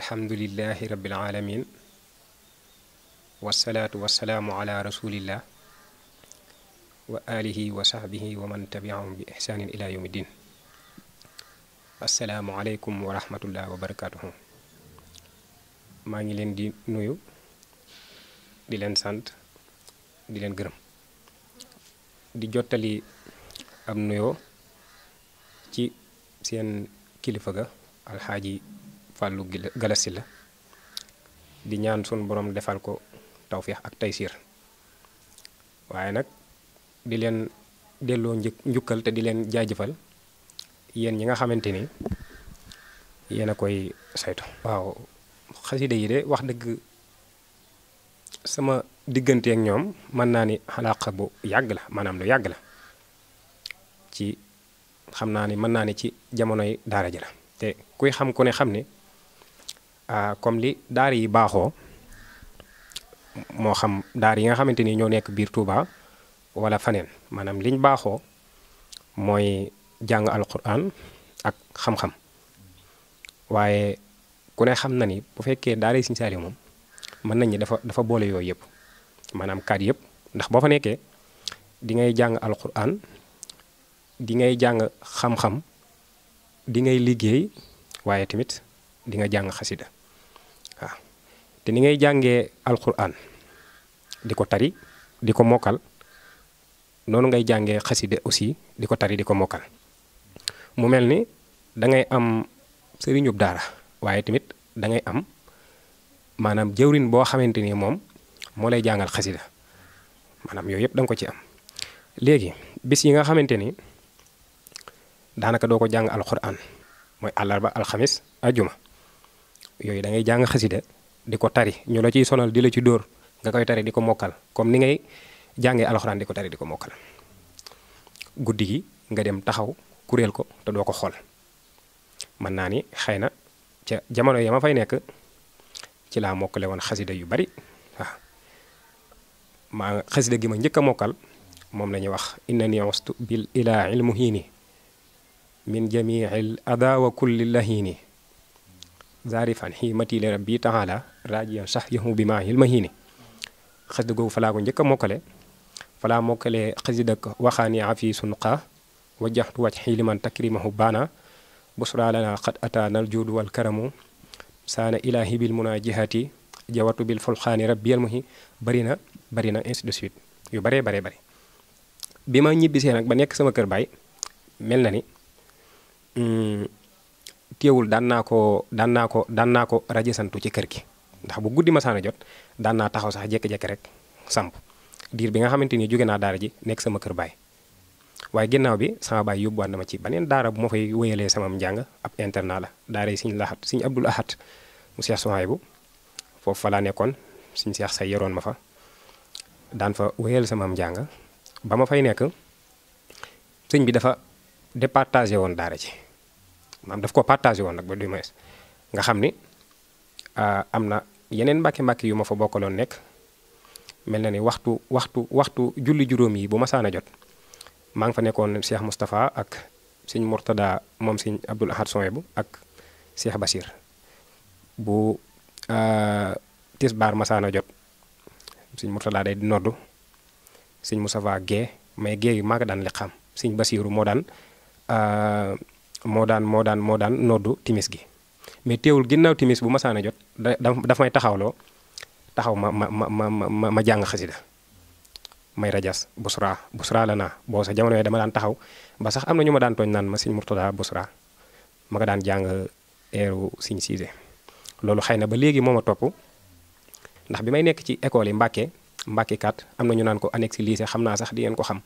alhamdulillahi rabbil alamin wasalaatu wasalaamu ala rasulillah wa alihi wa sahbihi wa man tabiahum bi ihsaanin ila yawmi din asalaamualeykum wa wa barakatuhu maa ngi leen di nuyu di leen sant di leen gërm di jottali am nuyoo ci seen kilifa ga alxaaji Fallou Galasi la di ñaan sun borom defal ko tawféex ak taysiir waaye nag di leen delloo njukkal te di leen jaajëfal yéen ñi nga xamante ni yéen a koy saytu. waaw xasida yi de wax dëgg sama diggante ak ñoom mën naa ni xalaaqa bu yàgg la maanaam lu yàgg la ci xam naa ni mën naa ni ci jamonoy daara ji la te kuy xam ku ne xam ni Euh, comme li daar yi baaxoo moo xam daar yi nga xamante ni ñoo nekk biir Touba wala faneen maanaam liñ baaxoo mooy jàng alquran ak xam-xam waaye ku ne xam na ni bu fekkee daar yi Sëriñ Saaliw moom mën nañ ni dafa dafa boole yooyu yëpp maanaam kaat yëpp ndax boo fa nekkee di ngay jàng alquran di ngay jàng xam-xam di ngay liggéey waaye tamit di nga jàng xasida te ni ngay jàngee alquran di ko tari di ko mokkal noonu ngay jàngee xaside aussi di ko tari di ko mokkal mu mel ni dangay ngay am sëriñub daara waaye tamit dangay am maanaam jëwrin boo xamante ni moom moo lay jàngal xasida maanaam yooyu yëpp da ko ci am léegi bis yi nga xamante ni daanaka doo ko jàng alquran mooy àllarba alxamis ajuma yooyu da ngay jàng xasida di ko tari ñu la ciy sonal di la ci dóor nga koy tari di ko mokkal comme ni ngay jàngee alxuraan di ko tari di ko mokkal guddi gi nga dem taxaw kuréel ko te doo ko xool mën naa ni xëy na ca jamono ya ma fay nekk ci la mokkale woon xasida yu bari waaw maa xasida gi ma njëkk a mokkal moom la wax inna ni wastu bil ilaa ilmu hiini min zaarifan ximati li rabbi taala raajiyan sax yahu bi maa hilmahini xasida googu falaa ko njëkk a mokkale falaa mokkale xasida waxaani afi sunqa wajjaxtu wàcc xiliman takrimahu baana busra lana xad ataanal juudu wal karamu saana ilaahi bil munajihati jawatu bil fulxaani rabbiyal muhi bari na bari na ainsi de suite yu baree baree bari bi ma ñibbisee nag ba nekk sama kër baay mel na ni mm, teewul daan naa ko daan naa ko daan naa ko rajo santu ci kër gi ndax bu guddi masaana jot daan naa taxaw sax jékki-jékki rek samp diir bi nga xamante ni jóge naa daara ji nekk sama kër baay waaye ginnaaw bi sama baay yóbbuwaat na ma ci beneen daara bu ma fay wéyalee sama njàng ab internat la daara yi siñ laxat siñ abdul ahat mu seex Suhaybu foofu fa nekkoon suñ seex say yoroon ma fa daan fa wéyal sama njàng ba ma fay nekk sëñ bi dafa départagé woon daara ji maanaam daf ko partagé woon nag ba du moins nga xam ni euh, am na yeneen mbàkki mbàkki yu ma fa bokkaloon nekk mel na ni waxtu waxtu waxtu julli juróom yi bu ma jot maa ngi fa nekkoon Cheikh Moustapha ak sëñ Mourtada moom sëñ Abdoul Ahad Soyebu ak Cheikh Bachir bu euh, tisbaar ma saan a jot sëñ Mourtada day noddu sëñ Moustapha gee mais gee yu maa ko daan li xam sëñ Basiiru moo daan euh, moo daan moo daan moo daan noddu timis gi mais teewul ginnaaw timis bu masaan a jot da daf may taxawloo taxaw ma ma ma ma ma jàng xasida may rajas busra busra la naa boo sa jamono dama daan taxaw ba sax am na ñu ma daan tooñ naan ma siñ murtada busra ma daan jàng eeru loolu xëy na ba léegi moo topp ndax bi may nekk ci école yi Mbàkke Mbàkke kat am na ñu naan ko annexe lycée xam naa sax di ngeen ko xam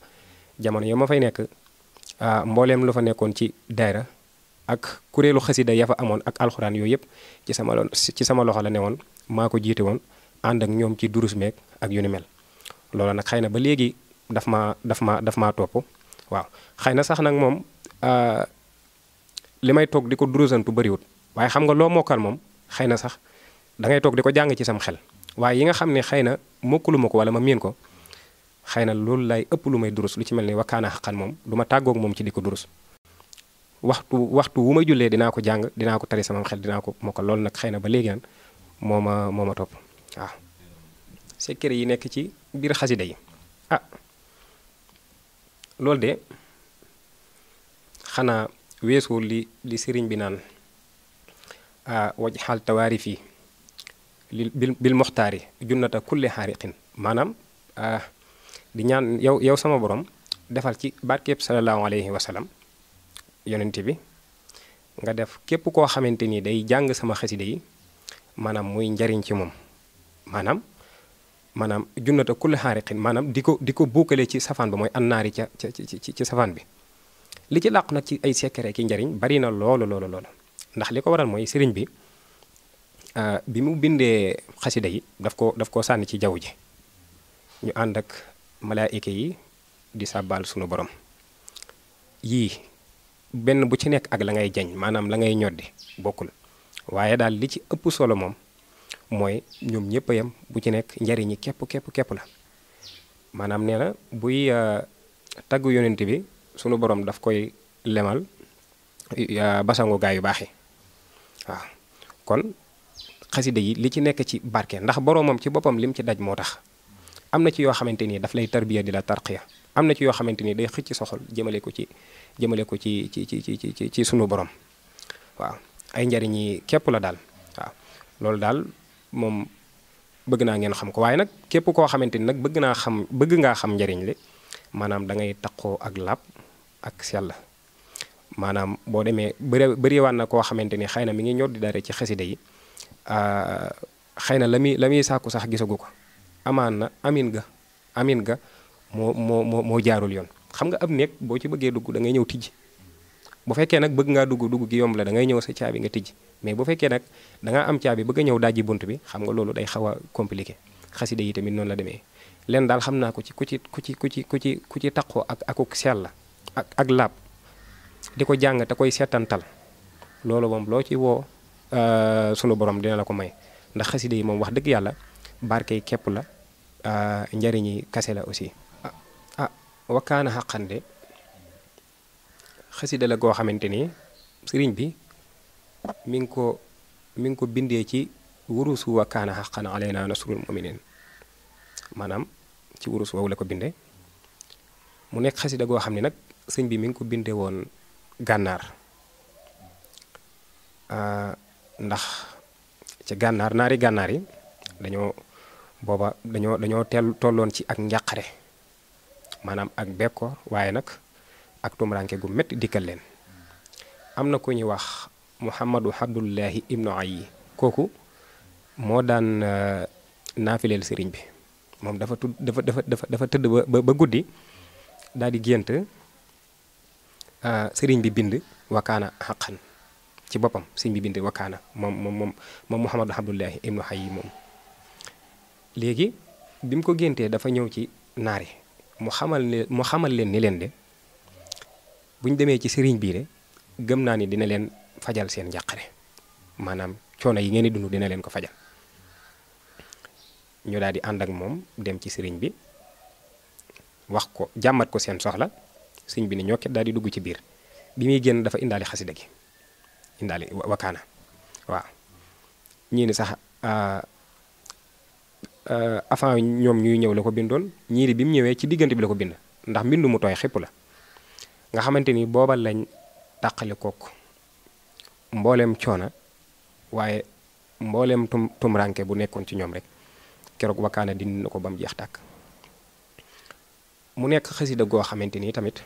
jamono yo ma fay nekk Ah, mbooleem lu fa nekkoon ci daayra ak kuréelu xasida ya fa amoon ak alxuraan yooyu yëpp ci sama ci sama loxo la ne woon maa ko jiite woon ànd ak ñoom ci durus meeg ak yu ni mel loola nag xëy na ba léegi daf maa daf maa daf maa topp waaw xëy na sax nag moom ah, li may toog di ko durusantu bëriwut waaye xam nga loo mokkal moom xëy na sax dangay toog di ko jàng ci sam xel waaye yi nga xam ne xëy na mokkalu ko wala ma miin ko xëy na loolu lay ëpp lu may durus lu ci mel ni wakkaana xaqan moom du ma tàggoog moom ci di ko durus waxtu waxtu wu may jullee dinaa ko jàng dinaa ko tari sama xel dinaa ko moo ko loolu nag xëy na ba léegi naan moo ma moo topp waaw secret yi nekk ci biir xasida yi ah loolu de xanaa weesu li li sëriñ bi naan ah, waj xaal tawaari fii li bil bil moxtaari junnata kulli xaariqin maanaam ah, di ñaan yow yow sama borom defal ci barkeb sallallahu alayhi wa yonent bi nga def képp koo xamante ni day jàng sama xaside yi maanaam muy njariñ ci moom maanaam maanaam junnata kulli xaariqin maanaam di ko di ko buukale ci safaan ba mooy annaari ca ca ci ci safaan bi li ci làqu nag ci ay secret ki njariñ bari na loolu loolu loolu ndax li ko waral mooy sëriñ bi ah, bi mu bindee xasida yi daf ko daf ko sànni ci jaww ji ñu ànd ak malaayika yi di sàbbaal sunu borom yii benn bu ci nekk ak la ngay jañ maanaam la ngay ñoddi bokkul waaye daal li ci ëpp solo moom mooy ñoom ñëpp yem bu ci nekk njariñi képp képp képp la maanaam nee na buy euh, tagg yonent bi sunu borom daf koy lemal euh, basangu gaay yu baax yi waaw kon xasida yi li ci nekk ci barke ndax boromam ci boppam lim ci daj moo tax am na ci yoo xamante ni daf lay tarbiya di la tarqiya am na ci yoo xamante ni day xëcc soxol jëmale ko ci jëmale ko ci ci ci ci ci ci sunu borom waaw ay njariñ yi képp la daal waaw loolu daal moom bëgg naa ngeen xam ko waaye nag képp koo xamante ni nag bëgg naa xam bëgg ngaa xam njariñ li maanaam dangay ngay taqoo ak làpp ak sell maanaam boo demee bëri bëriwaan na koo xamante ni xëy na mi ngi ñor di dara ci xasida yi ah, xëy na la muy la muy sàkku sax gisagu ko amaan na amin ga amin ga moo moo moo moo jaarul yoon xam nga am néeg boo ci bëggee dugg da ngay ñëw tijji bu fekkee nag bëgg ngaa dugg dugg gi yomb la dangay ñëw sa caabi nga tijji mais bu fekkee nag da ngaa am caabi bëgg a ñëw dajji bunt bi xam nga loolu day xaw a compliqué xasida yi tamit noonu la demee leen daal xam naa ko ci ku ci ku ci ku ci ku ci ku ci taqoo ak akuk sell ak ak laab di ko jàng te koy seetantal loolu moom loo ci woo euh, sunu borom dina la ko may ndax xasida yi moom wax dëgg yàlla barkey képp la Ah, njariñi kase la aussi ah, ah wakkaana xaqande xasida la goo xamante ni sëriñ bi mi ngi ko mi ngi ko bindee ci wurusu wakkaana xaqan alayna nasrul muminin maanaam ci wurus woowu la ko binde mu nekk xasida goo xam ne nag sëñ bi mi ngi ko binde woon gànnaar ah, ndax ci gànnaar naari gànnaar yi dañoo booba dañoo dañoo teel tolloon ci ak njàqare maanaam ak bekkoor waaye nag ak tumuraanke gu métti dikkal leen am na ku ñuy wax Muhammadu Abdullahi ibnu Ayyi kooku moo daan euh, naafileel sëriñ bi moom dafa tudd dafa dafa dafa tëdd ba guddi daal di gént euh, sëriñ bi bind wakaana xaqan ci boppam sëriñ bi bind wakkaana moom moom moom moom Muhammadu Abdullahi ibnu Ayyi moom léegi bi mu ko géntee dafa ñëw ci naar yi mu xamal ne mu xamal leen ni leen de bu ñu demee ci sëriñ bii de gëm naa ni dina leen fajal seen njàqare maanaam coono yi ngeen di dund dina leen ko fajal ñu daal di ànd ak moom dem ci sëriñ bi wax ko jàmmat ko seen soxla sëñ bi ni ñokket daal di dugg ci biir bi muy génn dafa indaali xasida gi indaali wakaana waaw ñii ni sax ah, Euh, avant ñoom ñuy ñëw la ko bindoon ñiiri bi mu ñëwee ci diggante bi la ko bind ndax mbindu mu tooy xépp la nga xamante ni booba lañ tàqali kook mbooleem coona waaye mbooleem tum tumranke bu nekkoon ci ñoom rek keroog wakkaana dindi na ko ba mu jeex tàkk mu nekk xasida goo xamante ni tamit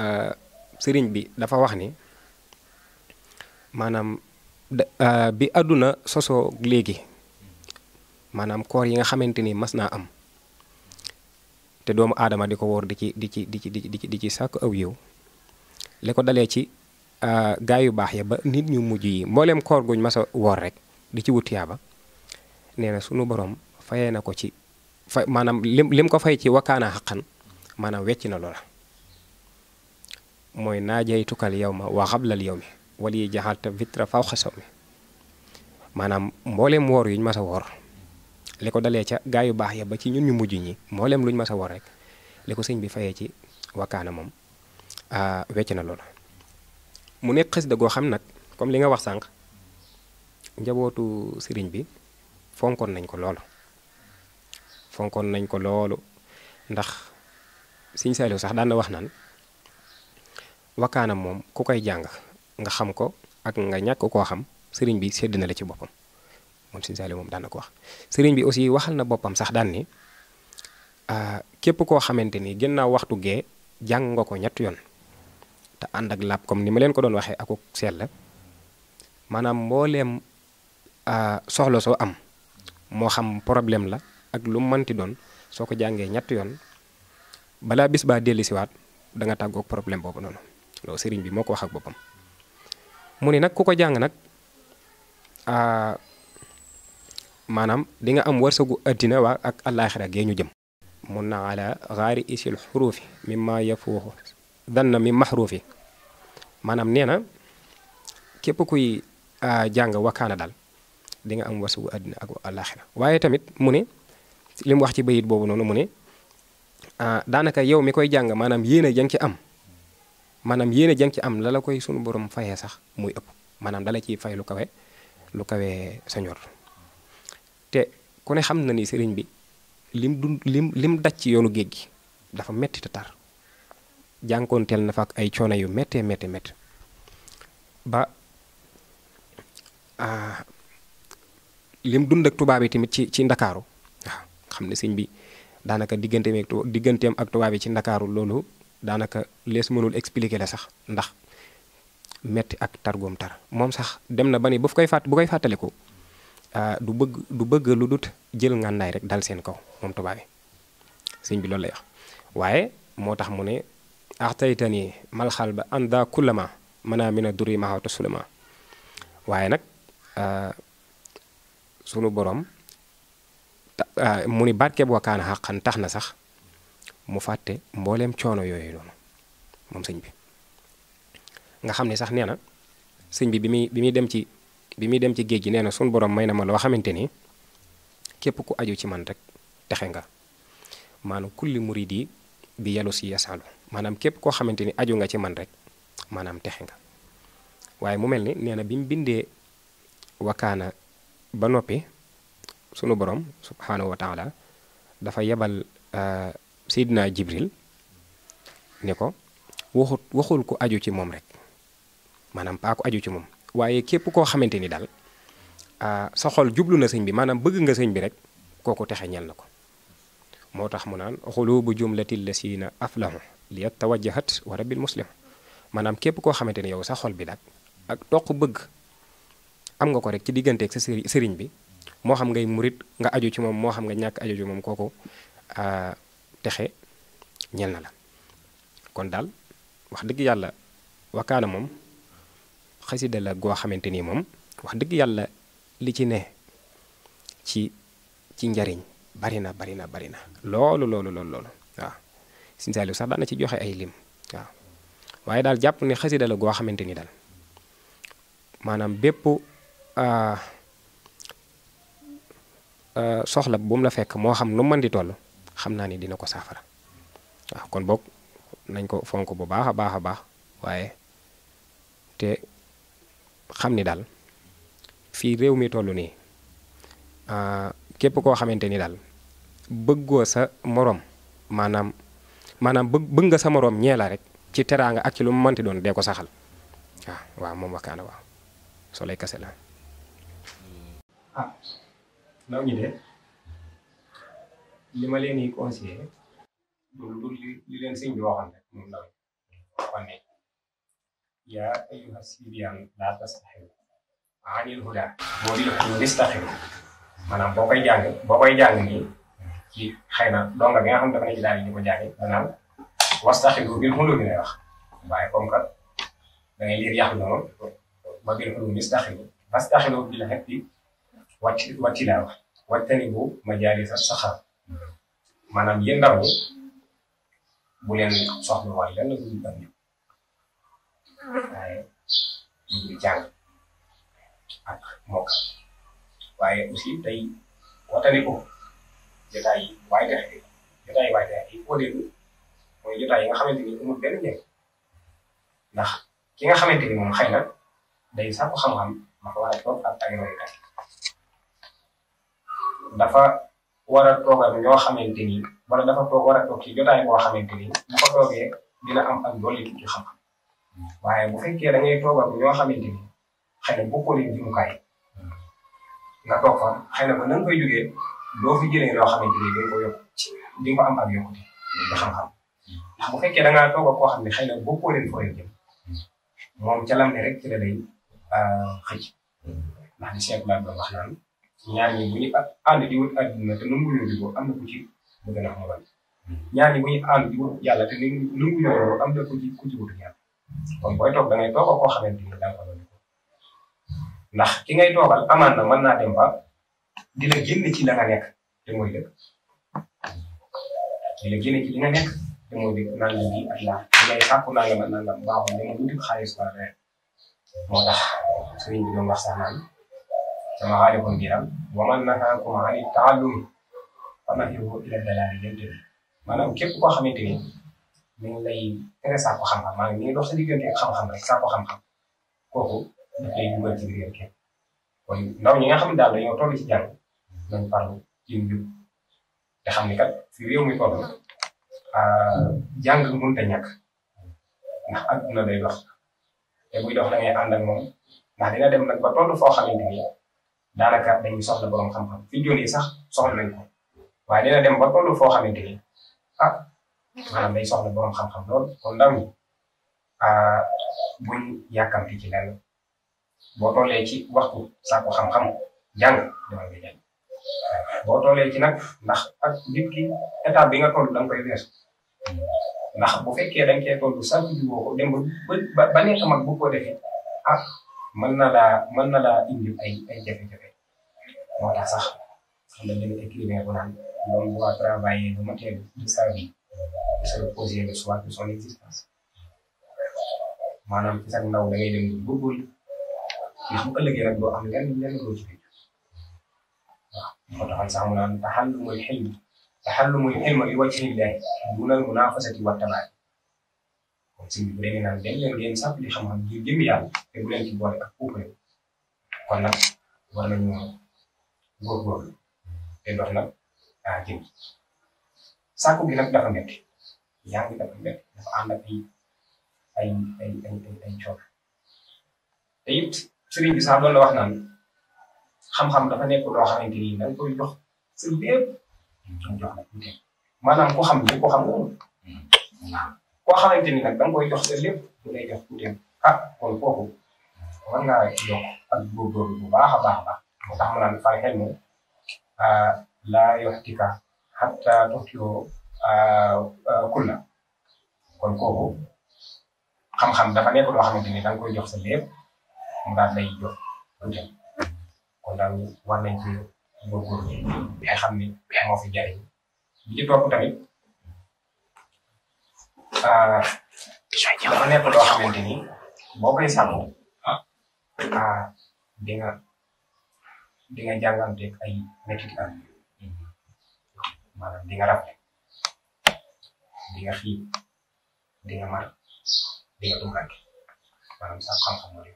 euh, sëriñ bi dafa wax ni maanaam euh, bi àdduna sosoo léegi maanaam koor yi nga xamante ni mas naa am te doomu aadama di ko woor di ci di ci di ci di ci di ci sàkk aw yiw li ko dalee ci ah, gaay yu baax ya ba nit ñu mujj yi mbooleem koor guñ mas a woor rek di ci wut yaaba nee na sunu boroom fayee na ko ci fa maanaam lim lim ko fay ci wakkaana xaqan maanaam wecc na loola mooy naajaytukal yow ma waa xablal yow mi wala yi jaxalta vitra faw xasaw mi mbooleem woor yuñ mas a woor li ko dalee ca gaa yu baax ya ba ci ñun ñu mujj ñi mboolem luñ mas a war rek li ko sëñ bi fayee ci wakkaana moom wecc na loolu mu nekk xasida goo xam nag comme li nga wax sànk njabootu sëriñ bi fonkoon nañ ko loolu fonkoon nañ ko loolu ndax sëñ Saaliw sax daan na wax naan wakkaana moom ku koy jàng nga xam ko ak nga ñàkk koo xam sëriñ bi sedd na la ci boppam moom sëñ Saliou moom daan na ko wax. sëriñ bi aussi waxal na boppam sax daan ni ah, képp koo xamante ni ginnaaw waxtu gee jàng nga ko ñett yoon te ànd ak laab comme ni ma leen ko doon waxee akuk seel la maanaam mbooleem ah, soxla soo am moo xam problème la ak lu mënti doon soo ko jàngee ñett yoon balaa bis baa dellusiwaat siwaat danga tàggoog problème boobu noonu sëriñ bi moo ko wax ak boppam. mu ni nag ku ko jàng nag ah, maanaam di nga am warsagu addina waa ak àllaaxira gee ñu jëm mun na ala xaari isil xuruufi mi ma yafuuxu danna mi maxruufi maanaam nee na képp kuy jàng wakkaana daal di nga am wërsëgu addina ak àllaaxira waaye tamit mu ne li mu wax ci bayit boobu noonu mu ne daanaka yow mi koy jàng maanaam yéen a jang ci am maanaam yéen jang ci am la koy sunu borom fayee sax muy ëpp maanaam dala ciy fay lu kawe lu kawe sa te ku ne xam na ni sëriñ bi lim dund lim lim daj ci yoonu géej gi dafa metti te tar jànkoonteel na fa ak ay coono yu méttee méttee méttee ba ah, lim dund ak tubaab yi tamit ci ci ndakaaru waaw xam ne sëñ bi daanaka digganteem ak digganteem ak tubaab yi ci ndakaaru loolu daanaka lees mënul expliquer la sax ndax metti ak targoom tar moom sax dem na ba ni bu koy fàtt bu koy fàttaliku. Ah, du bëgg du bëgg lu dut jël ngàndaay rek dal seen kaw moom tubaab sëñ bi lool lay wax waaye moo tax mu ne axtaytani malxal ba anda kullama mënaa mina duri maxawta sulama waaye nag ah, sunu borom ah, mu ni barke bu tax na sax mu fàtte mbooleem coono yooyu noonu moom sëñ bi nga xam ne sax nee sëñ bi bi muy dem ci bi muy dem ci géej gi nee na sunu borom may na ma loo xamante ni képp ku aju ci man rek texe nga maanaam kulli murid yi bi yàllu si yasaalu maanaam képp koo xamante ni aju nga ci man rek maanaam texe nga waaye mu mel ni nee na bi mu bindee wakaana ba noppi sunu borom subhaanahu wa dafa yebal euh, Seydina Jibril ni ko waxut waxul ku aju ci moom rek maanaam paa ku aju ci moom waaye képp koo xamante ni daal ah, sa xol jublu na sëñ bi maanaam bëgg nga sëñ bi rek kooku texe ñel na ko moo tax mu naan xulubu jumlatil lasina aflahu li tawajjahat wa rabbil muslim maanaam képp koo xamante ni yow sa xol bi daal ak toq bëgg am nga ko rek ci digganteeg sa sëriñ bi moo xam ngay murit nga aju ci moom moo xam nga ñàkk aju ci moom kooku ah, texe ñel na la kon daal wax dëgg yàlla wakaana moom xasida la goo xamante ni moom wax dëgg yàlla li ci ne ci ci njariñ bari na bari na bari na loolu loolu loolu loolu waaw Sëñ Saaliw sax daan na ci joxe ay lim waaw waaye daal jàpp ne xasida la goo xamante ni daal maanaam bépp ah, ah, soxla bu la fekk moo xam nu mën di toll xam naa ni dina ko saafara waaw kon boog nañ ko fonk bu baax a baax a baax waaye te xam ni daal fii réew mi toll nii ah, képp koo xamante ni daal bëggoo sa moroom maanaam maanaam bëgg nga sa moroom ñeela rek ci teraanga ak ci lu mu doon dee ko saxal waaw ah, waaw moom wakkaana waaw soo lay kase la ah, يا أيها السيريان لا تستحيوا عن الهدى boo di def nistaxiru maanaam boo koy jàng boo koy jàng nii ci xëy na donga bi nga xam dafa ne ci daal di ko jàngi maanaam wastaxiru bil wax waaye comme que da ngay liir yàq noonu ba bil xulumi wattani bu majaalisa saxaar maanaam yéen ndaw ñi bu leen soxla wàll lenn waaye ñu ngi jàng waaye aussi day watane ko jotaay waay dexe bi jotaay waay dexe bi au début mooy jotaay ndax ki nga xamante ni moom xëy na day sàkku xam-xam dafa war a toog ak dafa war a toog ak ñoo xamante dafa toog war toog ci jotaay boo xamante ni bu ko toogee dina am ak dolli ci xam waaye bu fekkee da ngay toog ak ñoo xamante ni xëy na bokkoo leen jumukaay nga toog fa xëy na ba na nga koy jógee doo fi jëlee loo xamante ni dañ ko ko moom ca lam ne rek ci la lay ah, xëcc ndax di seetlu laa doon wax naan ñaar ñi bu ñu ànd di wut àdduna te nu mu yóbbu am na ku ci bëgg na xamal ñaar ñi kon booy toog da ngay toog koo xamante ni da ndax ki ngay toogal amaan na mën naa dem ba di la génne ci la nga te mooy di la génne ci li nga te mooy dëgg nangam bi ak laa li ngay sàkku nangam ak nangam baaxul ne ma wuti xaalis wala reer moo tax sëriñ bi doon wax sax naan sama man nahaakum ani taallum fa mi ngi lay tere saako xam-xam sa diggante ak xam-xam rek saako xam-xam kooku ndaw ñi xam daal dañoo toll ci jàng nañu farlu te xam ni kat fi réew mi toll ah, jàng mënut a ñàkk ndax àdduna day dox te buy dox da ngay ànd ak moom ndax dina dem nag ba toll foo xamante ni daanaka dañuy soxla borom xam-xam fi jógee sax soxla nañ ko waaye dem ba toll foo xamante ah. maanaam day soxla borom xam-xam lool kon ndaw ñi buñ yàkkamti ci lenn boo tollee ci waxtu sàkku xam-xam jàng demal nga jàng boo ci nag ndax ak nit ki étape bi nga toll da nga koy weesu ndax bu fekkee da nga koy toll sànq ba ba bu ko defee ah mën na laa mën na laa indil ay ay jafe-jafe sax xam nga benn écrivain bu naan l'homme doit travailler le matin de sa vie parce que projet soit de son existence maanaam ci sax ndaw da ngay dem ba góor yi su ëllëgee nag doo am lenn lenn loo ci fekk waaw moo taxoon sax mu naan taxallumul xilmi taxallumul xilma li wàcc xil day dunal munafasati wa tabaay kon si bu demee naan dem leen ngeen sàpp li xam-xam ngir jëm yàlla te bu leen ci boole ak puukare kon nag war nañu góorgóorlu te dox nag ah jëm sàkku gi nag dafa métti yaa ngi dafa métti dafa ànd ak ay ay ay ay ay coono te it sëriñ bi sax loolu la wax naan xam-xam dafa nekk loo xamante jox sa bépp jox la maanaam ku xam li ku xam woon koo xamante ni nag da nga koy jox sa lépp du lay jox tuuti ah kon kooku war ngaa yokk ak góorgóorlu bu baax a baax a baax moo tax mu naan hatta tukkiyo kulla kon kooku xam-xam dafa nekk loo xamante ni da nga koy jox sa lépp mu daal jox tuuti kon daal war nañ ci nga xam ni moo fi jariñ bi ci topp tamit dafa ah, nekk loo xamante ni boo koy sàkku ah, ah, di nga di nga jànganteeg ay métit maanaam di nga rafet di nga xiif di nga mar di nga tumurànke maanaam sax xam-xam moo di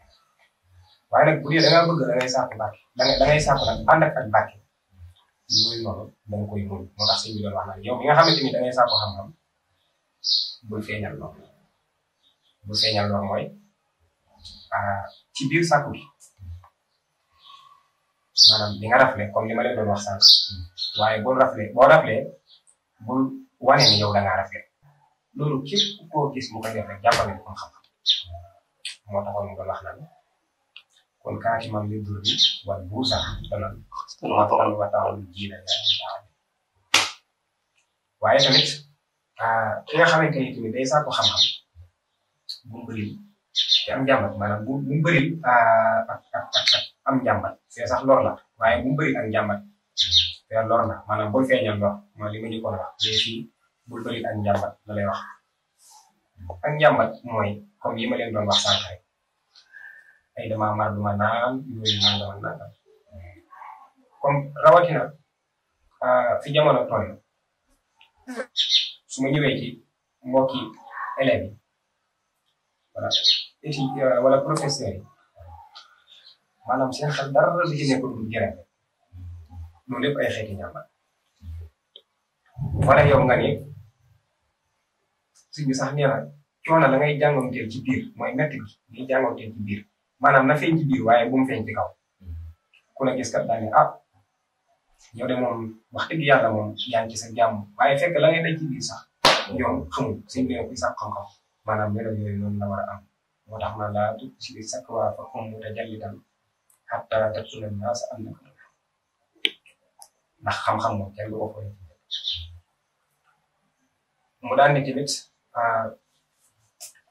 waaye nag bu dee da ngaa bëgg da ngay sàkku barke da ngay da ngay sàkku nag ànd ak ak barke ni da ngay sàkku xam-xam bul feeñal lool bul feeñal lool maanaam di nga rafle comme li ma leen doon wax sànq waaye bul da loolu képp koo gis mu koy def rek jàppal xam moo taxoon mu doon wax naan kon kaati man li dul bi wala buusa dana waxtaan waxtaan ji la waaye tamit ah, ki nga xamante ni tamit day sàkku xam-xam bu mu bëri te am njàmbat fee sax lor la waaye bu mu bëri ak njàmbat fee lor la maanaam bul feeñal lor mooy li ma njëkkoon wax mais fii bul bëri ak njàmbat la lay wax ak njàmbat mooy comme yi ma leen doon wax sànq rek ay dama mar duma naan yooyu nangam ak nangam comme rawatina euh, fi jamono toll su ma ñëwee ci mbokki élèves yi voilà étudiants euh, wala professeurs yi. maanaam seen xel dara du ci nekkul du jërëm loolu lépp ay xeeti wala yow nga bi sax nee na coono la ngay jàngonteel ci biir mooy métti gi ngay jàngonteel ci biir maanaam na feeñ ci biir waaye bu mu feeñ ci gis kat daa ne ah de moom wax dëgg yàlla moom yaa ngi ci sa jàmm waaye fekk la sax ñoom xamul suñ bi sax xam-xam maanaam melo yooyu noonu la a am moo tax ma laa tudd si biir sakk waa fa xaw ma te xatta taksula naas am na ndax xam-xam moom kenn du ko mu daal ne tamit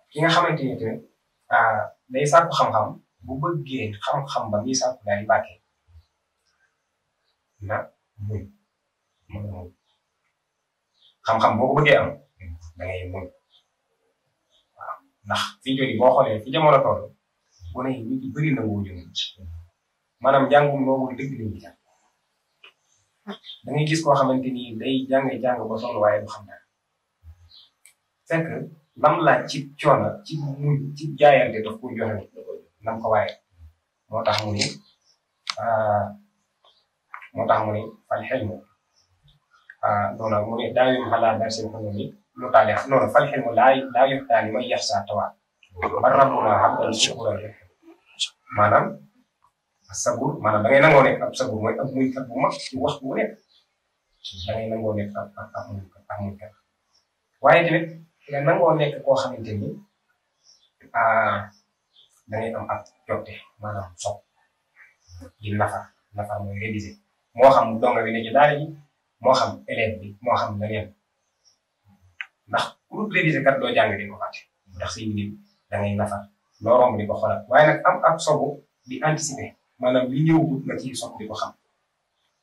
ki nga xamante ni tamit day sàkku xam-xam bu bëggee xam-xam ba muy sàkku daal di bàkkee na muñ muñ xam-xam boo ko am da ngay muñ waaw ndax fi jógee boo xoolee fi jamono toll bu ne nit yi bëri na wóor maanaam njàngum moomu dëgg la ñuy jàng da ngay gis koo xamante ni day jàng jàng ba soxla waaye du xam dara fekk lam laaj ko joxe nam ko moo tax mu ni ah, moo tax mu ni fal xelmu doona ah, mu ni daawim xalaa darsin xamuni lu taale noonu fal xelmu laa laa yox taani may yax saa tawaat ba rabbuna abdal shukura maanaam sabuur maanaam da ngay nangoo nekk ab mooy ab muñkat bu wax bu nekk ngay nangoo nekk ab ab ab muñkat ab muñkat waaye tamit koo xamante ni da moo xam donga bi ne ci daara moo xam élève moo xam leneen ndax ku dul réviser kat doo jàng di ko fàtte ndax si biir da di ko xoolal waaye nag am sobu di anticiper. maanaam li ñëwagul nga ciy sox di ko xam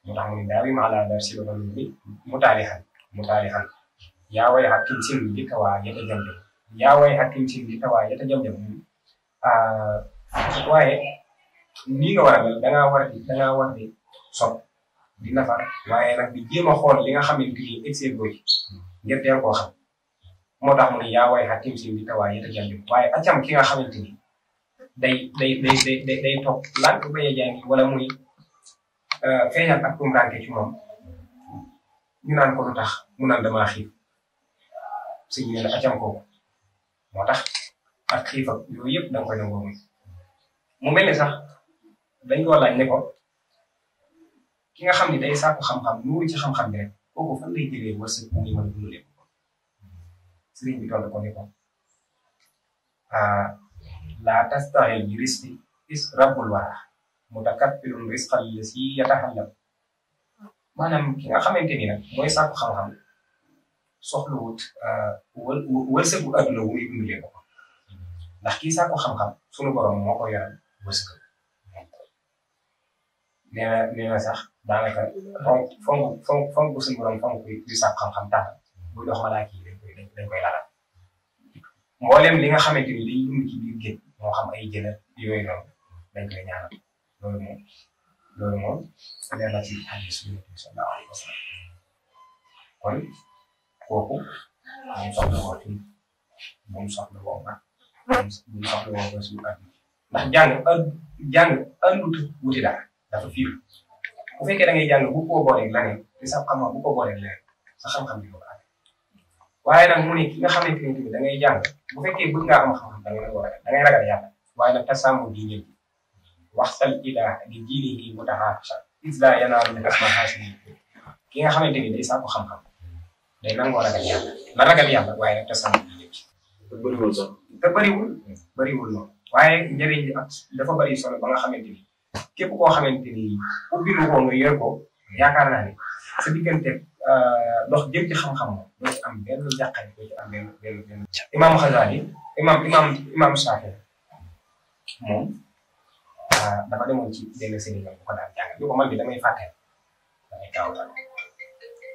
moo tax muy daal maa laa dar si la loolu mu taali xan mu taali xan yaa way hakkin sin bi ka waa yata jam jam yaa way hakkin sin bi ka waa yata jam ah, waaye nii nga war a mel di da di nafar waaye nag di jéem a xool li nga xamante ni exergo yi ngir xam moo tax mu ya yaa way hakkin sin bi ka waa yata jam jam waaye acam ki nga xamante day day day day day toog lànk bañ a jàngi wala muy euh, feeñal ak tumuraanke ci moom ñu naan ko lu tax mu naan damaa xiif sëñ bi ne la acam kooku moo tax ak xiif ak yooyu yëpp da nga koy muy mu mel ni sax dañ koo laaj ki nga xam ni day sàkku xam-xam nuuru ci xam-xam bi rek kooku fan lay jëlee wërsëg bu muy mën a dundalee ko sëriñ bi toll ko ne ko ah. laa tastaxil bi risqi is rabbul wara mutakabbirun risqal lasi yatahallam maanaam ki nga xamante ni nag mooy sàkku xam-xam soxla wut euh, wël wëlsëgu adduna wu ndax kii sàkku xam-xam sunu borom moo ko yoral wërsëg nee sax daanaka fonk fonk fonk fonk bu sunu borom fonk di sàkku xam-xam tax buy dox malaaka yi dañ mboolem li nga xamante ni day yëngu ci biir xam ay jën yooyu noonu dañ koy loolu moom loolu moom leer na ci hadiis suñu sallallahu alayhi wa sallam kon kooku moom soxla woo fi moom soxla woo ma moom soxla woo ba suñu at ndax jàng ënd jàng ëndut wuti dara dafa fiir bu fekkee da ngay jàng bu ko booleeg leneen te sa xam-xam bu xam-xam bi ko waaye nag mu ne ki nga xamante ne tamit da ngay jàng bu fekkee bëgg ngaa am i xam da ngay war a da ngay ragal yàlla waaye nag di njëkk waxsal ilaa di jiile gi mu taxaat sax isla yanaaru ne asma ki nga xamante ni day sàkku xam-xam day nangoo ragal na ragal yàlla waaye nag tasaamu di njëkk. te bëriwul sax te bëriwul bëriwul noonu waaye njëriñ li ak dafa bëri solo ba nga xamante ni képp koo xamante ni ubbi lu ko nga yor ko yaakaar naa ne Euh, dox jëm ci xam-xam doo ci am benn jàqare doo ci am benn benn benn. imaam Xasaali imaam imaam imaam moom euh, dafa demoon ci benn Sénégal bu ko daan jàngal bi ko man bi damay fàtte damay gaaw a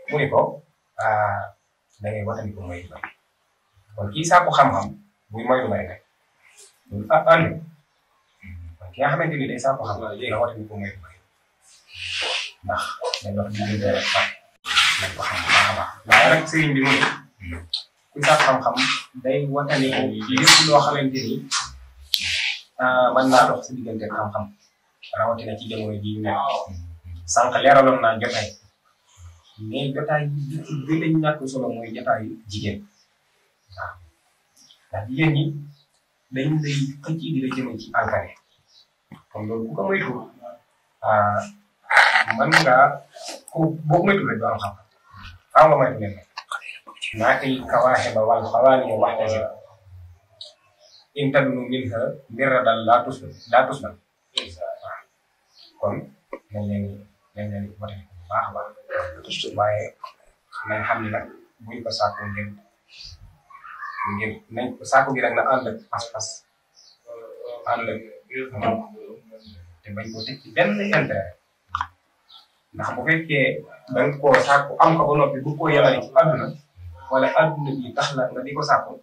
mu ne ko euh, da ngay waxtaanee ko mooy kon kii saako xam-xam muy mooy may rek loolu ah, ah ki nga xamante ni day saako xam ndax day dox diggante rek waaye rek sëriñ bi mooy ku sax xam-xam day watane lépp loo xamante ni ah, mën naa dox si diggante xam-xam rawatina ci jamono ji ñu nekk sànq jotaay mais jotaay yi ci gën a ñàkk solo mooy jotaayu jigéen waaw jigéen dañ lay xëcc di la jëme ci alkane kon nga ko ah, boo moytu rek am xam أعظم من معك الكواحب والخوالي واحتجب إن تدنو منها مردا لا تسلم لا تسلم kon nañ leen nañ leen wote bu baax a baax ne nag buñ ko saako ngir ngir nañ ko saako gi nag na ànd ak pas te bañ ko teg ci benn ndax bu fekkee da nga am ko ba noppi bu ko wala àdduna bi tax la nga di ko sàkku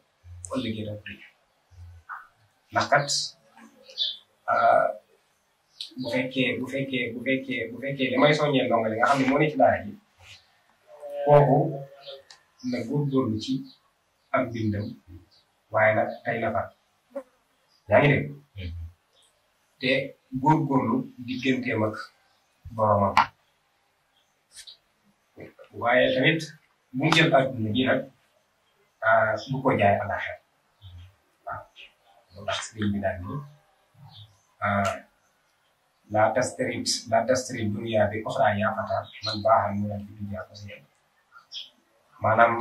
ëllëgee oh, da ndax kat ah, bu fekkee bu fekkee bu fekkee bu fekkee li may soññee ndongo li nga xam ne moo ne ci daara ji kooku na góorgóorlu ci am bindam waaye nag tey la fa yaa hmm. ngi dégg te góorgóorlu waaye tamit mu jël adduna bi nag bu ah, ko jaay àllaaxira waaw moo tax sëriñ bi daal ah, bi oxra yaa fataa man baaxal mu naan bi maanaam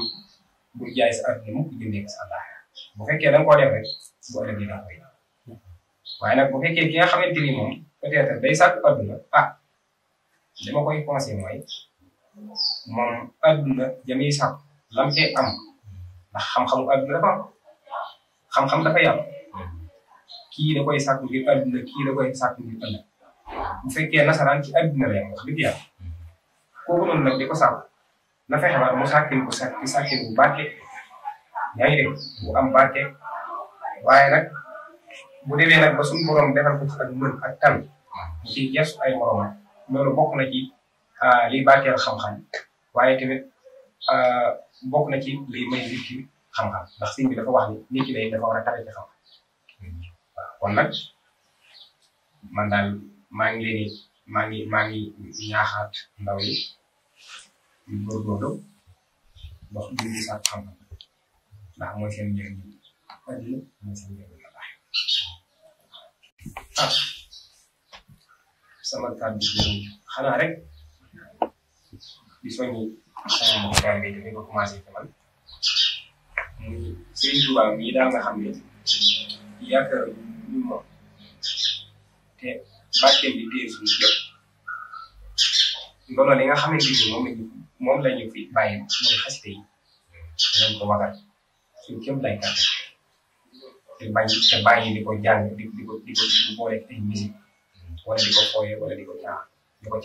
bu jaay sa adduna mu jëndee ko sa àllaaxira bu fekkee da nga koo bu ëllëgee da koy waaye nag bu fekkee ki nga xamante moom peut-être day sàkku adduna ah li ma mooy. moom adduna jamiy sàkk lam cay am ndax xam-xamu adduna dafa am xam-xam dafa yàlla kii da koy sàkk ngir adduna kii da koy sàkk ngir ëllëg bu fekkee nasaraan ci adduna la yam wax na fexe ba mu sàkkin ko sàkk sàkkin bu barke yaa ngi bu am barke waaye nag bu demee nag ba suñu borom defal ko ci ak mën ak tal ay moromam loolu bokk na ci. Euh, liy barkeel xam-xam waaye tamit euh, bokk na ci liy may nit ki xam-xam ndax sëñ bi dafa wax ni nit ki day dafa war a tare ci xam-xam waaw kon nag man daal maa ngi leen maa ngi maa ngi ñaaxaat ndaw yi ñu góorgóorlu dox ñu ngi sàkk xam-xam ndax mooy seen njëriñ addina mooy seen njëriñ la baax ah sama kàddu xanaa bi soñ sama mbokku Gambie dafay ba commencé te man muy Serigne nga xam ne yaakaar ñu moom te barkeem bi téye suñu lépp ndono li nga xamante ni moom lañu moom fi bàyyi mooy xasite yi dinañ ko wagal lay kàtt te bañ te bàyyi di ko jàng di ko di ko di wala di ko wala di ko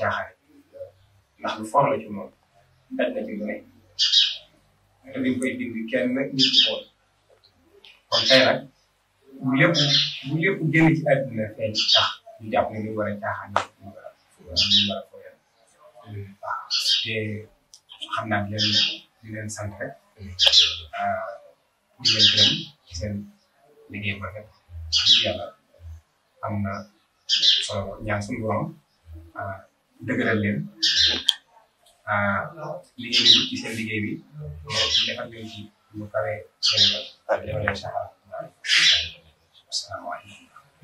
ndax lu for la ci moom daj na ci ne te dañ koy dindi kenn nit ku xool kon tey nag bu lépp bu lépp génn ci àdduna feeñ tax a caaxaan te xam naa di leen di leen sant rek ah, di leen gërëm ci seen liggéey bu rafet yàlla am na solo ñaan suñu borom ah, dëgëral liggéey bi ci seen liggéey bi defal leen ci lu kawe seen yoon. asalaamaaleykum